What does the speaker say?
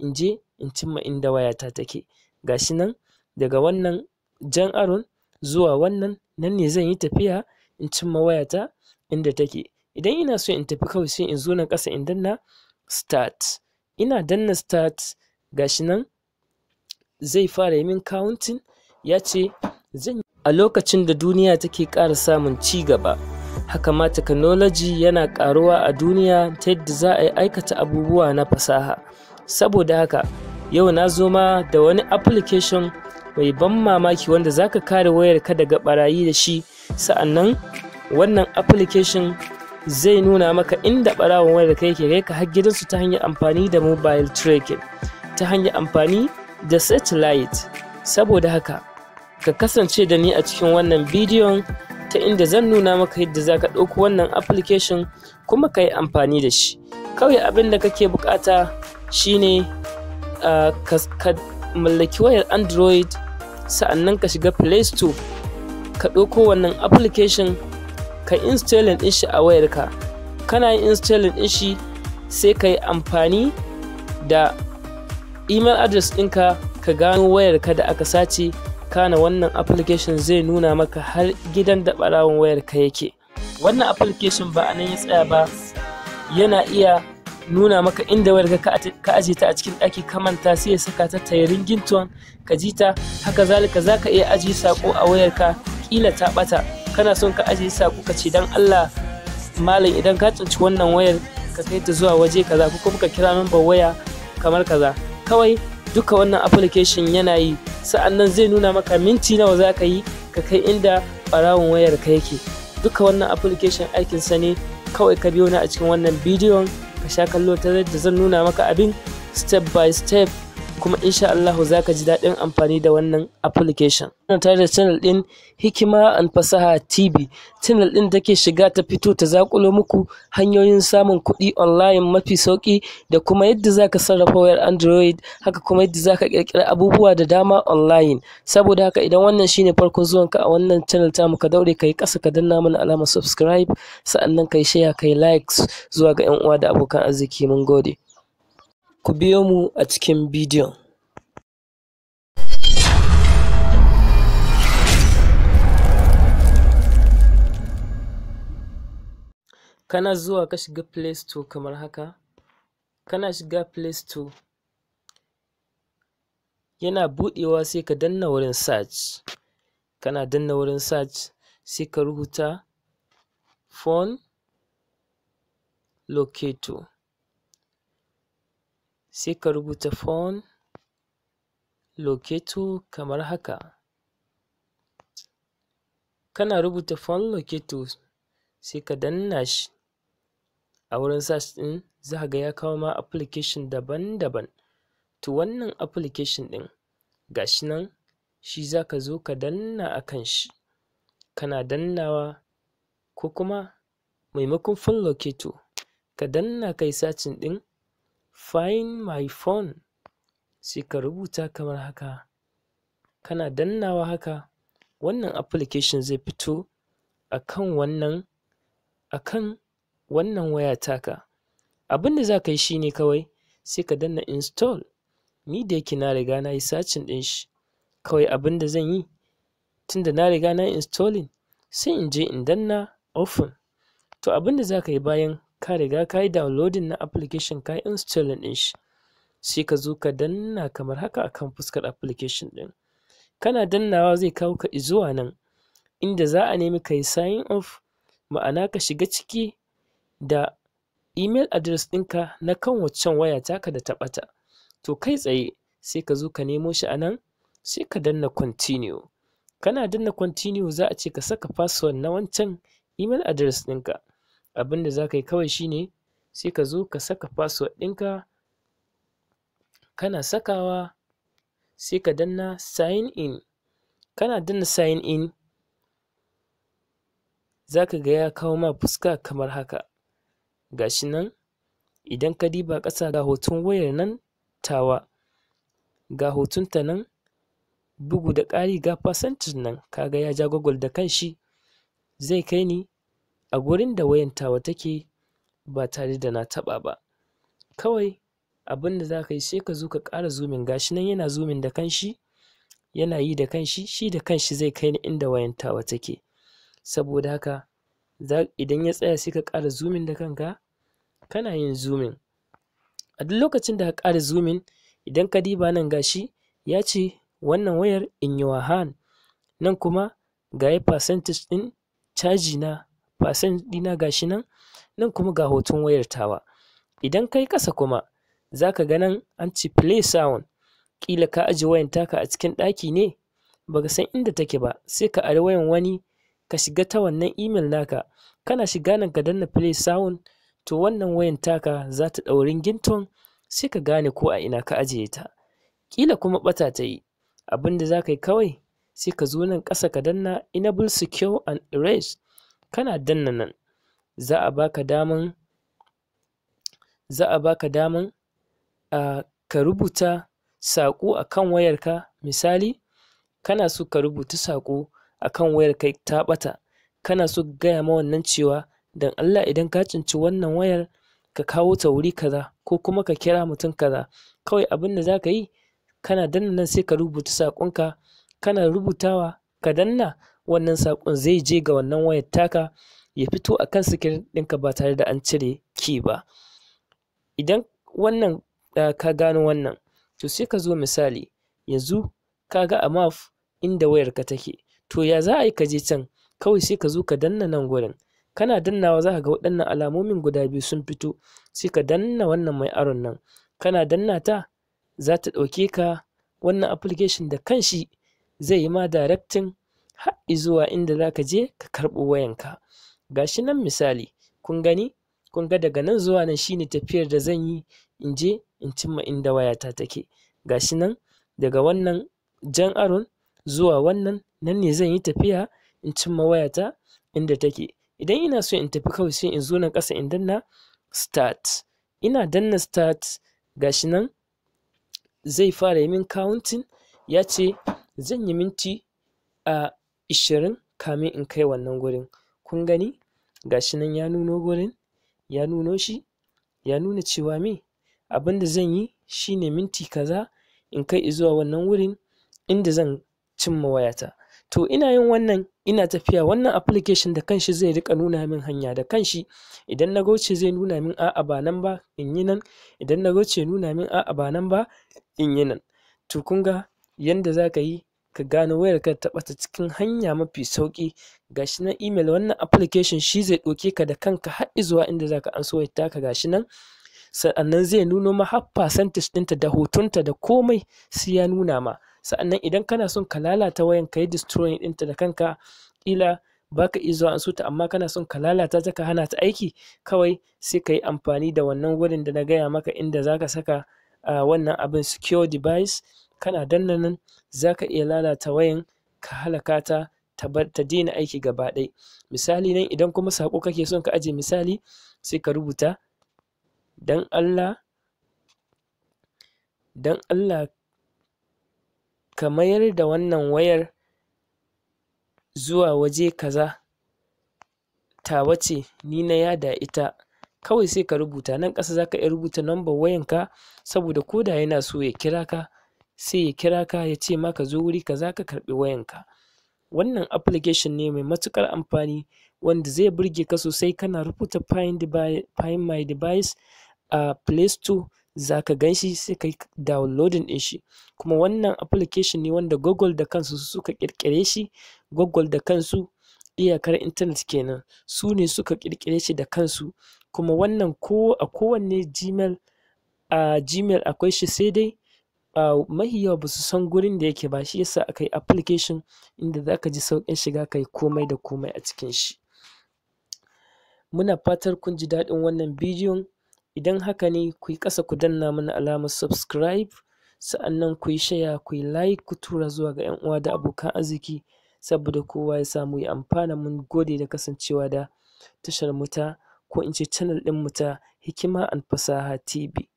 in je in cimma inda wayata take gashi nan daga wannan jan aron zuwa wannan nan ne zan yi tafiya in cimma wayata inda take idan ina so in tafi kawai sai in zo na ƙasa in danna start ina danna start gashi nan zai fara yi min counting ya ce zan a lokacin da duniya take ƙara samun ci gaba haka ma technology yana ƙaruwa a duniya ta yadda za a yi aikata abubuwa na fasaha saboda haka yau na zo ma da wani application mai ban mamaki wanda zaka kare wayarka daga barayi da shi sa'annan wannan application zai nuna maka inda barawon wayar yake kai ka har gidansu ta hanyar amfani da mobile tracking ta hanyar amfani da satellite saboda haka ka kasance da ni a cikin wannan bidiyon ta inda zan nuna maka yadda za ka ɗauko wannan application kuma ka yi amfani da shi kawai abin da kake bukata shine uh, ka mallaki wayar android sa'annan ka shiga play store ka ɗauko wannan application ka installing ɗin shi a wayarka kana yin installing ɗin shi sai ka yi amfani da email address ɗinka ka gano wayarka da aka sace kana wannan application zai nuna maka har gidan da ɓarawon wayarka yake wannan application ba a nan ya tsaya ba yana iya nuna maka inda wayar ka aje ta a cikin ɗaki ka manta sai ya saka ta tayarin ringington ka ji ta haka zalika za ka iya ajiye sako a wayar ka kila ta ɓata kana son ka ajiye sako ka ce dan Allah malam idan ka tsinci wannan wayar ka kai ta zuwa waje kaza ko kuma ka kira number waya kamar kaza kawai duka wannan application yana yi sa'annan zai nuna maka minti nawa za ka yi ka kai inda barawon wayar ka yake duka wannan application aikinsa ne kawai ka biyo ni a cikin wannan bidiyon ka sha kallo ta yadda zan nuna maka abin step by step kuma insha Allah za ka ji daɗin amfani da wannan application. Ina tare da channel ɗin Hikima and Fasaha TV, channel ɗin take shiga ta fito ta zakulo muku hanyoyin samun kuɗi online mafi sauƙi da kuma yadda za ka sarrafa wayar Android, haka kuma yadda za ka ƙirƙira abubuwa da dama online. Saboda haka idan wannan shine farkon ka a wannan channel tamu ka daure ka yi ƙasa ka danna mana alamar subscribe, sa'annan ka yi share ka yi likes zuwa ga 'yan uwa da abokan arziki mun gode. Ku biyo mu a cikin bidiyon. Kana zuwa ka shiga Play Store kamar haka, kana shiga Play Store yana buɗewa sai ka danna wurin search, kana danna wurin search sai ka rubuta phone locator. sai ka rubuta phone locator kamar haka kana rubuta phone locator sai ka danna shi a wurin search ɗin za ka ga ya kawo ma application daban-daban to wannan application ɗin gashi nan shi za ka zo ka danna a kan shi kana dannawa ko kuma maimakon fon loketo ka danna kai sacin ɗin find my phone sai ka rubuta kamar haka kana dannawa haka wannan application zai fito akan wannan akan wannan waya taka abin da za ka yi shine kawai sai ka danna install ni da yake na riga na yi sacin ɗin shi kawai abin da zan yi tunda na riga na installing sai in je in danna open to abin da za ka yi bayan ka riga ka yi downloading na application ka yi installing ɗin shi sai ka zo ka danna kamar haka akan fuskar application ɗin kana dannawa zai kawo ka zuwa nan inda za a nemi ka yi sign off ma'ana ka shiga ciki da email address ɗinka na kan waccan waya taka da ta to kai tsaye sai ka zo ka nemo shi a nan sai ka danna continue kana danna continue za a ce ka saka password na wancan email address ɗinka abin da za ka yi kawai shine sai ka zo ka saka password ɗinka kana sakawa sai ka danna sign in kana danna sign in za ka ga kawo ma fuska kamar haka gashi nan idan ka diba ƙasa ga hoton wayar nan tawa ga ta nan bugu da ƙari ga fasantin nan kaga ya ja gwagwal da kanshi zai kai ni a gurin da wayan tawa take ba tare da na taɓa ba kawai abin da za ka yi sai ka zo ka ƙara zumin gashi nan yana zumin da kanshi yana yi da kanshi shi da kanshi zai kai ni inda wayan tawa take saboda haka idan ya tsaya sai ka ƙara zumin da kanka kana yin zumin a duk lokacin da ka ƙara zumin idan ka diba nan gashi ya ce wannan wayar in your hand nan kuma ga yi percentage ɗin caji na san ɗina gashi nan nan kuma ga hoton wayar tawa idan kai kasa kuma za ka ga nan an ce play sound ƙila ka ajiye wayan taka a cikin ɗaki ne baka san inda take ba sai ka ari wayan wani ka shiga ta wannan email naka kana shiga nan ka danna play sound to wannan wayan taka za ta ɗaurin ginton sai ka gane ko a ina ka ajiye ta ƙila kuma ɓata ta yi abin da za ka yi kawai sai ka zo nan ƙasa ka danna enable secure and erase kana danna nan za a baka daman za a baka daman a ka rubuta saƙo a kan wayarka misali kana so ka rubuta saƙo a kan wayarka ta ɓata kana so ka gaya ma wannan cewa don Allah idan ka cinci wannan wayar ka kawo ta wuri kaza ko kuma ka kira mutum kaza kawai abin da za ka yi kana danna nan sai ka rubuta saƙonka kana rubutawa ka danna wannan saƙon zai je ga wannan wayar taka ya fito a kan sikirin ɗinka ba tare da an cire ki ba idan wannan ah, ka gano wannan to sai ka zo misali yanzu ka ga a maf inda wayarka take to ya za a yi ka je can kawai sai ka zo ka danna nan gurin kana dannawa za ka ga waɗannan alamomin guda biyu sun fito sai ka danna wannan mai aron nan kana danna ta za ta ɗauke ka wannan application da kanshi zai yi ma directing har zuwa inda za ka je ka karɓo wayanka Ga shi nan misali kun gani kun ga daga nan zuwa nan shine tafiyar da zan yi in je in cimma inda wayata take shi nan daga wannan jan aron zuwa wannan nan ne zan yi tafiya in cimma wayata inda take idan ina so in tafi kawai sai in zo nan ƙasa in danna start ina danna start shi nan zai fara yi min counting ya ce zan yi minti a ah, ishirin kamin in kai wannan gurin kun gani gashi nan ya nuno gurin ya nuno shi ya nuna cewa me da zan yi shine minti kaza in kai izuwa wannan wurin inda zan cimma wayata to ina yin wannan ina tafiya wannan application da kanshi zai rika nuna min hanya da kanshi idan na goce zai nuna min a'a ba nan ba in yi nan idan na goce nuna min a'a ba nan ba in yi nan to kun ga yanda za ka yi ka gano wayar ka ta ta cikin hanya mafi sauki gashi nan email wannan application shi zai ɗauke ka da kanka har zuwa inda zaka an so ta ka gashi nan sa'annan zai nuno ma har percentage ɗinta da hotonta da komai sai ya nuna ma sa'annan idan kana son ka lalata wayan ka yi dinta dinta da kanka ƙila baka iya zuwa an so amma kana son ka lalata ta ka hana ta aiki kawai sai ka yi amfani da wannan wurin da na gaya maka inda zaka saka a ah, wannan abin secure device kana danna nan za ka iya lalata wayan ka halaka ta ta daina aiki gaba ɗaya misali nan idan kuma saƙo kake son ka aje misali sai ka rubuta dan Allah dan Allah ka mayar da wannan wayar zuwa waje kaza tawa ce ni na yada ita kawai sai ka rubuta nan ƙasa za ka iya rubuta wayan wayanka saboda ko da yana so ya kira ka sai ya kira ka ya ce maka zo wuri kaza ka karɓi wayanka wannan application ne mai matuƙar amfani wanda zai burge ka sosai kana rubuta find my device a play store za ka gan shi sai ka yi downloading ɗin shi kuma wannan application ne wanda google da kansu suka kirkire shi google da kansu iyakar intanet kenan su ne suka ƙirƙire shi da kansu kuma wannan a kowanne gmail a gmail akwai shi sai dai mahi yawa ba su san gurin da yake ba shi yasa aka yi application inda za ka ji sauƙin shiga ka yi komai da komai a cikin shi muna fatar kun ji daɗin wannan bidiyon idan haka ne ku yi ƙasa ku danna mana alamar subscribe sa'annan ku yi shaya ku yi like ku tura zuwa ga 'yan uwa da abokan arziki saboda kowa ya samu ya amfana mun gode da kasancewa da tashar muta ko in ce channel ɗin mu ta hikima and fasaha tv